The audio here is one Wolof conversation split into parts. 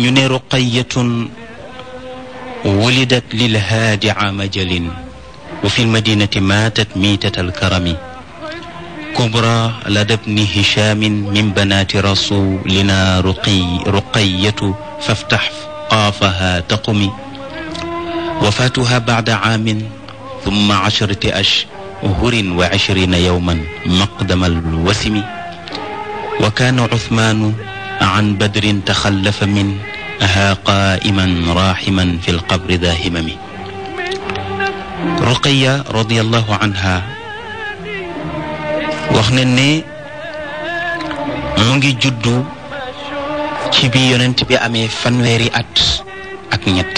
ñu ne ruqayatun wulidat lilhaadi aama jalin wa fi lmadinati maatat miitat alkarami kubra ladabni hichaamin min banaati rasulina ruqiy ruqayatu faftax qaafaha taqumi wafaatuha bacda caamin tumma casharati ashhurin wa cishriina yowman maqdama alwasimi wa kaana cuthmaanu عن بدر تخلف منها wax ne ne mu ngi juddu ci bi yonent bi amee at ak ñett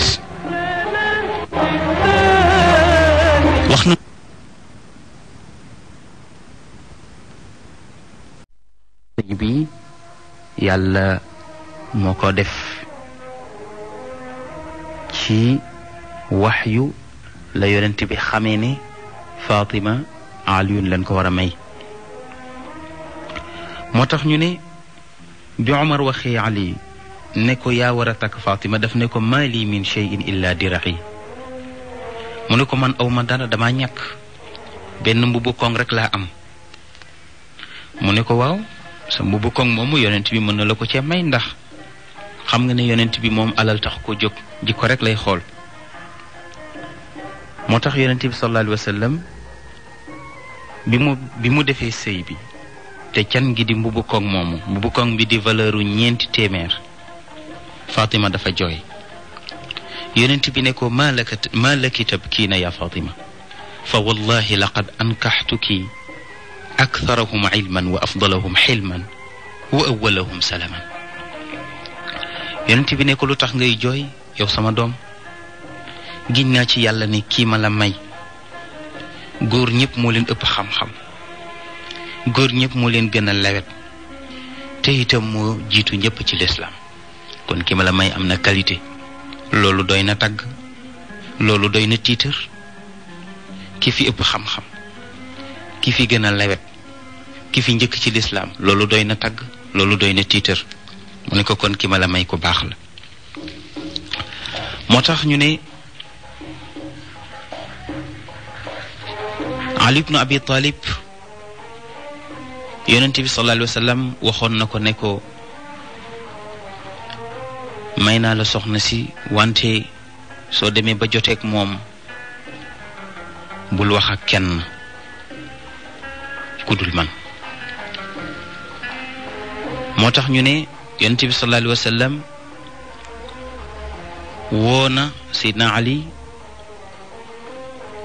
yàlla moo ko def ci waxyu la yonent bi xamee ne Fatima Aliyun lañ ko war a may moo tax ñu ne bi Omar waxee Ali ne ko yaa war a takk Fatima daf ne ko maa lii min cheyin illa diraxi mu ne ko man awma ma dara damaa ñàkk benn mbubbu koŋ rek laa am mu ne ko waaw sa mbubb koŋ moomu yonent bi mën na la ko cee may ndax xam nga ne yonent bi moom alal tax ko jóg ko rek lay xool moo tax yonent bi sallallahu alayhi bi mu mu defee sëy bi te can gi di mbubb koŋ moomu mbubb koŋ bi di valeuru ñeenti téeméer Fatima dafa jooy yonent bi ne ko maa laki tabkiina yaa Fatima fa wallahi laqad ankaxtuki aktarahum ilman wa afdalahum xilman wa awwalahum salaman yonent bi ne ko lu tax ngay jooy yow sama doom giñ naa ci yàlla ne kii ma la may góor ñépp moo leen ëpp xam-xam góor ñépp moo leen gën a lewet te itam moo jiitu ñëpp ci lislaam kon ki ma la may am na qualité loolu doy na tagg loolu doy na tiitar ki fi ëpp xam-xam ki fi gën a lewet ki fi njëkk ci lislaam loolu doy na tagg loolu doy na tiitër mu ne ko kon ki ma la may ko baax la moo tax ñu ne Ali ibnu Abi Talib bi sallallahu alayhi waxoon na ko ne ko may naa la soxna si wante soo demee ba joteek moom bul wax ak kenn ku dul moo tax ñu ne yonent bi woo na Seydina Ali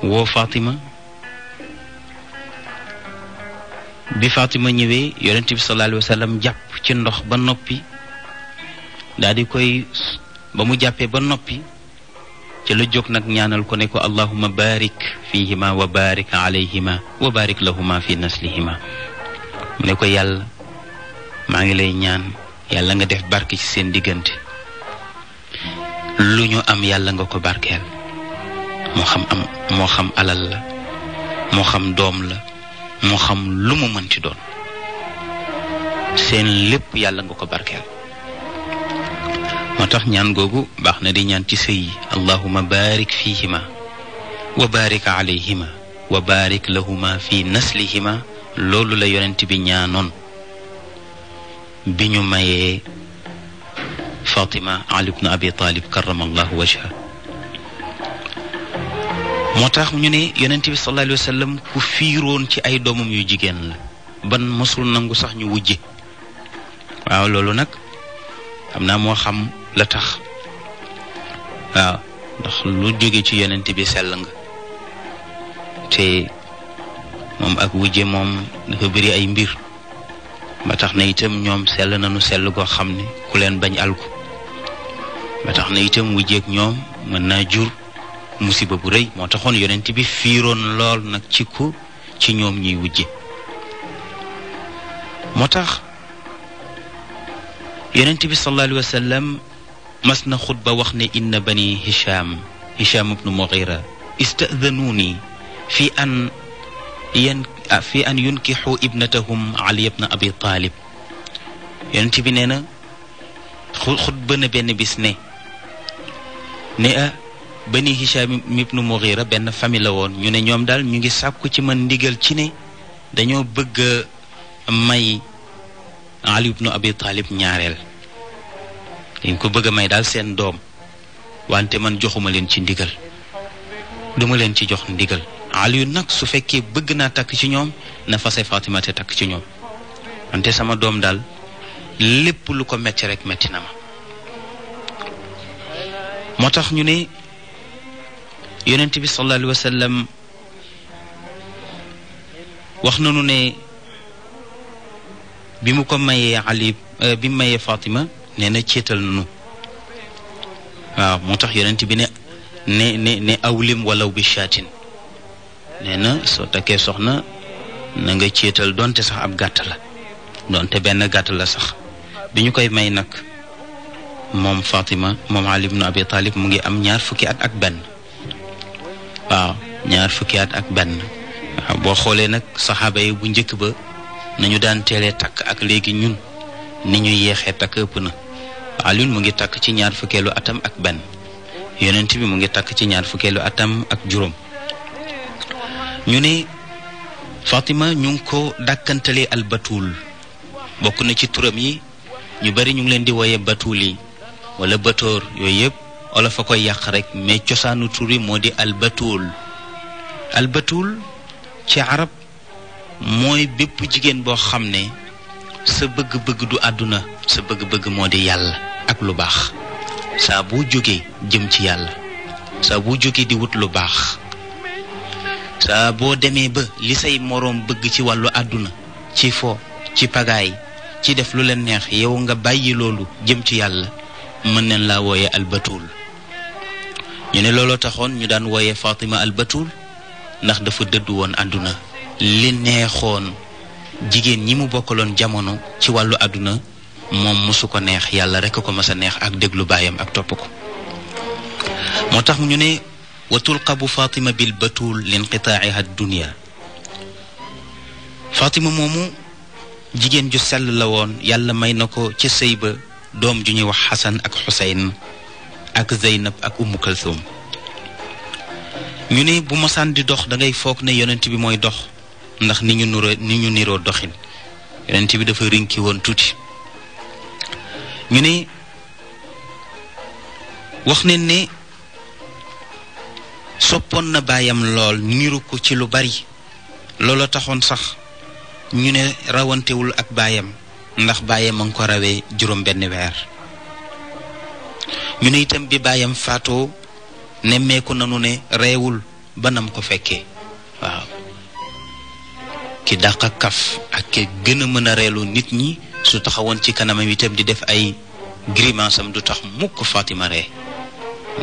woo Fatima bi Fatima ñëwee yonent bi sallallahu alayhi wa jàpp ci ndox ba noppi daal di koy ba mu jàppee ba noppi ca la jóg nag ñaanal ko ne ko allahuma barik fihima wa barik alayhima wa barik lahuma fi naslihima mu ne ko yàlla maa ngi lay ñaan yàlla nga def barke ci seen diggante lu ñu am yàlla nga ko barkeel moo xam am moo xam alal la moo xam doom la moo xam lu mu mënti doon seen lépp yàlla nga ko barkeel moo tax ñaan googu baax na di ñaan ci sëy yi allahuma barik fihima wa barik alayhima wa barik lahuma fi naslihima loolu la yonent bi ñaanoon bi ñu mayee Fatima Ali bnu Abi Talib karamallahu wajha moo tax ñu ne yonent bi sallallahu ku fiiroon ci ay doomam yu jigéen la ban mosul nangu sax ñu wujje waaw loolu nag xam naa moo xam la tax waaw ndax lu jóge ci yonent bi sell nga te moom ak wujje moom dafa bëri ay mbir ba tax na itam ñoom sell nu sell goo xam ne ku leen bañ alku ba tax na itam wujjeeg ñoom mën naa jur musiba bu rëy moo taxoon yonent bi fiiroon lool nag ci ku ci ñoom ñuy wujje moo tax yonent bi sallallahu alayhi wa mas na xutba wax ne inna bani hisham hisham ibnu mughira istadanuuni fi an yan ah, fi an yunkixu ibnatahum ali ibn abi taalib yonent bi nee na xutba na benn bis ne ne a ah, bani hisham ibnu mughira benn famille la woon ñu ne ñoom daal ñu ngi sàkku ci man ndigal ci ne dañoo bëgg a may ali ibnu abi taalib ñaareel dañ ko bëgg a may daal seen doom wante man joxuma leen ci ndigal duma leen ci jox ndigal Aliou nag su fekkee bëgg naa takk ci ñoom na fase Fatima te takk ci ñoom wante sama doom daal lépp lu ko metti rek metti na ma moo tax ñu ne yonent bi sallallahu alayhi wa sallam wax nañu ne bi mu ko mayee Ali euh, bi mu mayee Fatima nee na céetal nu waaw moo tax yonent bi ne ne ne ne awlim walaw bi shaatin nee na soo takkee soxna na nga céetal donte sax ab gàtt la donte benn gàtt la sax bi ñu koy may nag moom Fatima moom Ali ibn mu ngi am ñaar fukki at ak benn waaw ñaar fukki at ak benn waaw boo xoolee nag saxaaba bu njëkk ba nañu daan teelee takk ak léegi ñun ni ñuy yéexee takk ëpp na Alioune mu ngi takk ci ñaar fukkeelu atam ak benn yonent bi mu ngi takk ci ñaar fukkeelu atam ak juróom ñu ne Fatima ñu ngi ko dàkkantalee al bokk na ci turam yi ñu bari ñu ngi leen di woye batuul yi wala batoor yooyu yëpp olof a koy yàq rek mais cosaanu tur moo di al batuul ci arab mooy bépp jigéen boo xam ne sa bëgg-bëgg du àdduna sa bëgg-bëgg moo di yàlla ak lu baax saa boo jógee jëm ci yàlla saa bu jógee di wut lu baax saa boo demee ba li say moroom bëgg ci wàllu àdduna ci fo ci pagaay ci def lu leen neex yow nga bàyyi loolu jëm ci yàlla mën nañ laa wooye albatuul ñu ne looloo taxoon ñu daan wooye Fatima albatuul ndax dafa dëdd woon àdduna li neexoon jigéen ñi mu bokkaloon jamono ci wàllu àdduna moom mosu ko neex yàlla rek ko mas a neex ak déglu baayam ak topp ko moo tax ñu ne wa tulqabu fatima bil batul linqitaa'iha dunia fatima moomu jigéen ju sell la woon yàlla may na ko ca sëy ba doom ju ñuy wax xasan ak xuseyn ak zeynab ak umu kalthum ñu ne bu mosaan di dox dangay ngay foog ne yonent bi mooy dox ndax ni ñu nuroo ni ñu niroo doxin yonent bi dafa rinki woon tuuti ñu ne wax ne ne soppoon na baayam lool niru ko ci lu bari looloo taxoon sax ñu ne rawantewul ak baayam ndax baayam a ngi ko rawee juróom benn weer ñu ne itam bi baayam faatoo nemmeeku nanu ne reewul banam ko fekkee waaw ki dàq ak kaf ak ke gën a mën a reelu nit ñi su taxawoon ci kanamam itam di def ay grimace am du tax mukk Fatima ree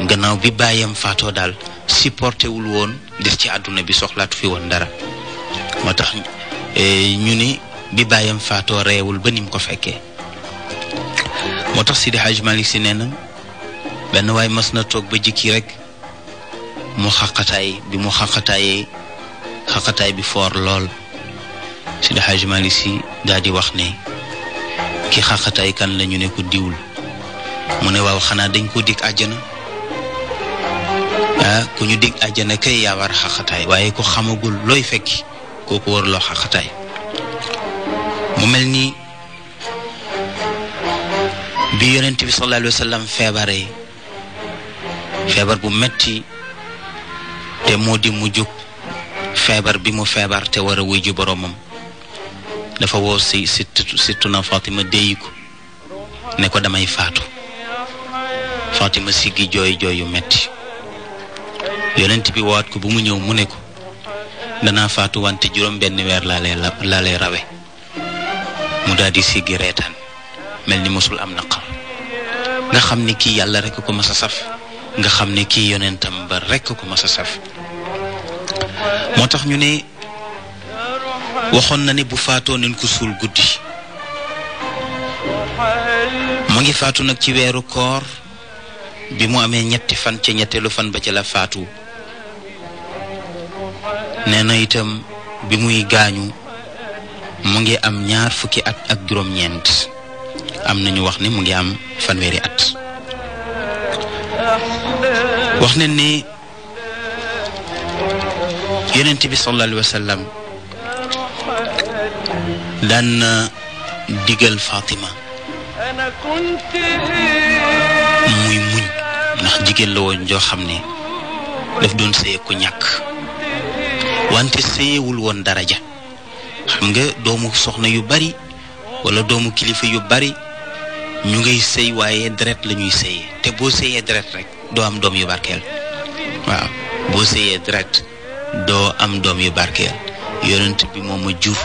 gannaaw bi bàyyam faatoo daal supporté wul woon des ci àdduna bi soxlaatu fi woon dara moo tax e, ñu ni bi bàyyam faatoo reewul ba nim ko fekkee moo tax si Hadj Malick si nee na benn waay mas na toog ba jikki rek mu xaqataay bi mu xaqataayee xaqataay bi foor lool Seydi Hadji Malick Sy daal di wax ne ki xaqataay kan la ñu ne ko diwul mu ne waaw xanaa dañ ko dikk àjjana ah, ku ñu dikk àjjana kay yaa war waaye ku xamagul looy fekki kooku waruloo xaqataay mu mel ni bi yonent bi sallallahu alayhi feebaree feebar bu metti te moo di mu jóg feebar bi mu feebar te war a wuy ju boroomam dafa woo si sittuna Fatima déy ko ne ko damay faatu Fatima siggi jooy jooy yu metti yonent bi waat ko bu mu ñëw mu ne ko dana faatu wante juróom benn weer laa lay rawe mu daal di siggi reetaan mel ni mosul am naqar nga xam ne kii yàlla rekk ko mas a saf nga xam ne kii yonentam ba rekk ko mas a saf moo tax ñu ne waxoon na ne bu faatoo nañ ko suul guddi mu ngi faatu nag ci weeru koor bi mu amee ñetti fan ca ñetteelu fan ba ca la faatu nee na itam bi muy gaañu mu ngi am ñaar fukki at ak juróom-ñeent am nañu wax ni mu ngi am fanweeri at wax ne ni yonent bi sallallahu alayhi wa daan na diggal Fatima muy muñ ndax jigéen la woon joo xam ne daf doon sëye ku ñàkk wante sëyewul woon daraja xam nga doomu soxna yu bari wala doomu kilifa yu bari ñu ngay sëy waaye dret la ñuy sëyee te boo sëyee deret rek doo am doom yu barkeel waaw boo sëyee deret doo am doom yu barkeel yonent bi moom a jur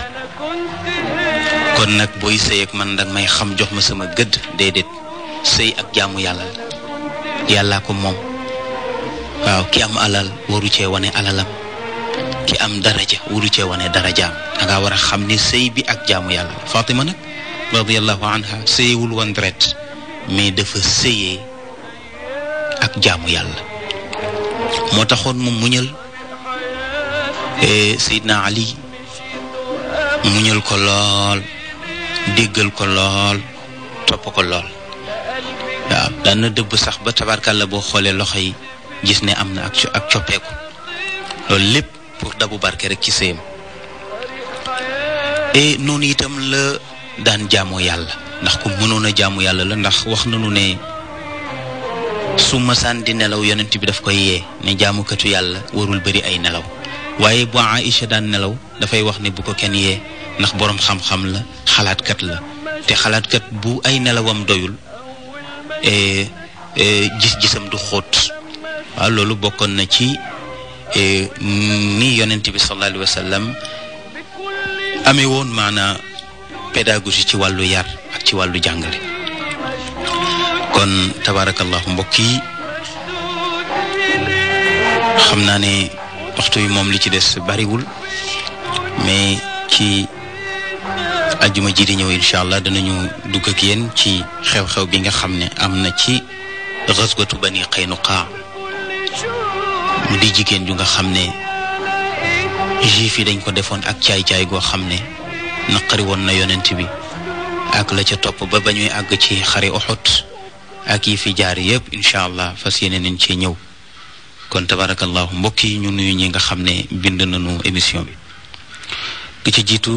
kon nag booy sëy man danga may xam jox ma sama gëdd déedéet sëy ak jaamu yàlla la yàllaa ko moom waaw ki am alal waru cee wane alalam ki am daraja waru cee wane darajaam danga war a xam ni sëy bi ak jaamu yàlla la Fatima nag radiallahu anha sëyewul woon deret mais dafa sëyee ak jaamu yàlla moo taxoon mu muñal eh, Seydina Ali muñal ko lool déggal ko lool topp ko lool waaw daan dëbb sax ba la boo xoolee loxo yi gis ne am na ak coppeeku loolu lépp pour dabu barke rek ci sëyam et noonu itam la daan jaamoo yàlla ndax ku mënoon a jaamu yàlla la ndax wax nañu ne su masaan di nelaw yonent bi daf koy yee ne jaamukatu yàlla warul bëri ay nelaw waaye bu Aïcha daan nelaw dafay wax ne bu ko kenn yee ndax boroom xam-xam la xalaatkat la te xalaatkat bu ay nelawam doyul e, e, gis-gisam du xóot waaw loolu bokkoon na ci e, ni yonent bi sallallahu alayhi wa amee woon maanaa pédagogie ci wàllu yar ak ci wàllu jàngale kon tabaarakallahu mbokk yi xam naa ne waxtu wi moom li ci des bariwul mais ci ajjuma ji di ñëw incha allah danañu dugg ak yéen ci xew-xew bi nga xam ne am na ci xaswatu bani Qaynuqa mu di jigéen ju nga xam ne juif yi dañ ko defoon ak caay-caay goo xam ne naqari woon na yonent bi ak la ca topp ba ba ñuy àgg ci xare Uhud ak yi fi jaar yëpp incha allah fas yéene nañ cee ñëw kon tabarakallahu mbokk yi ñu nuyu ñi nga xam ne bind nañu émission bi. ki ci jiitu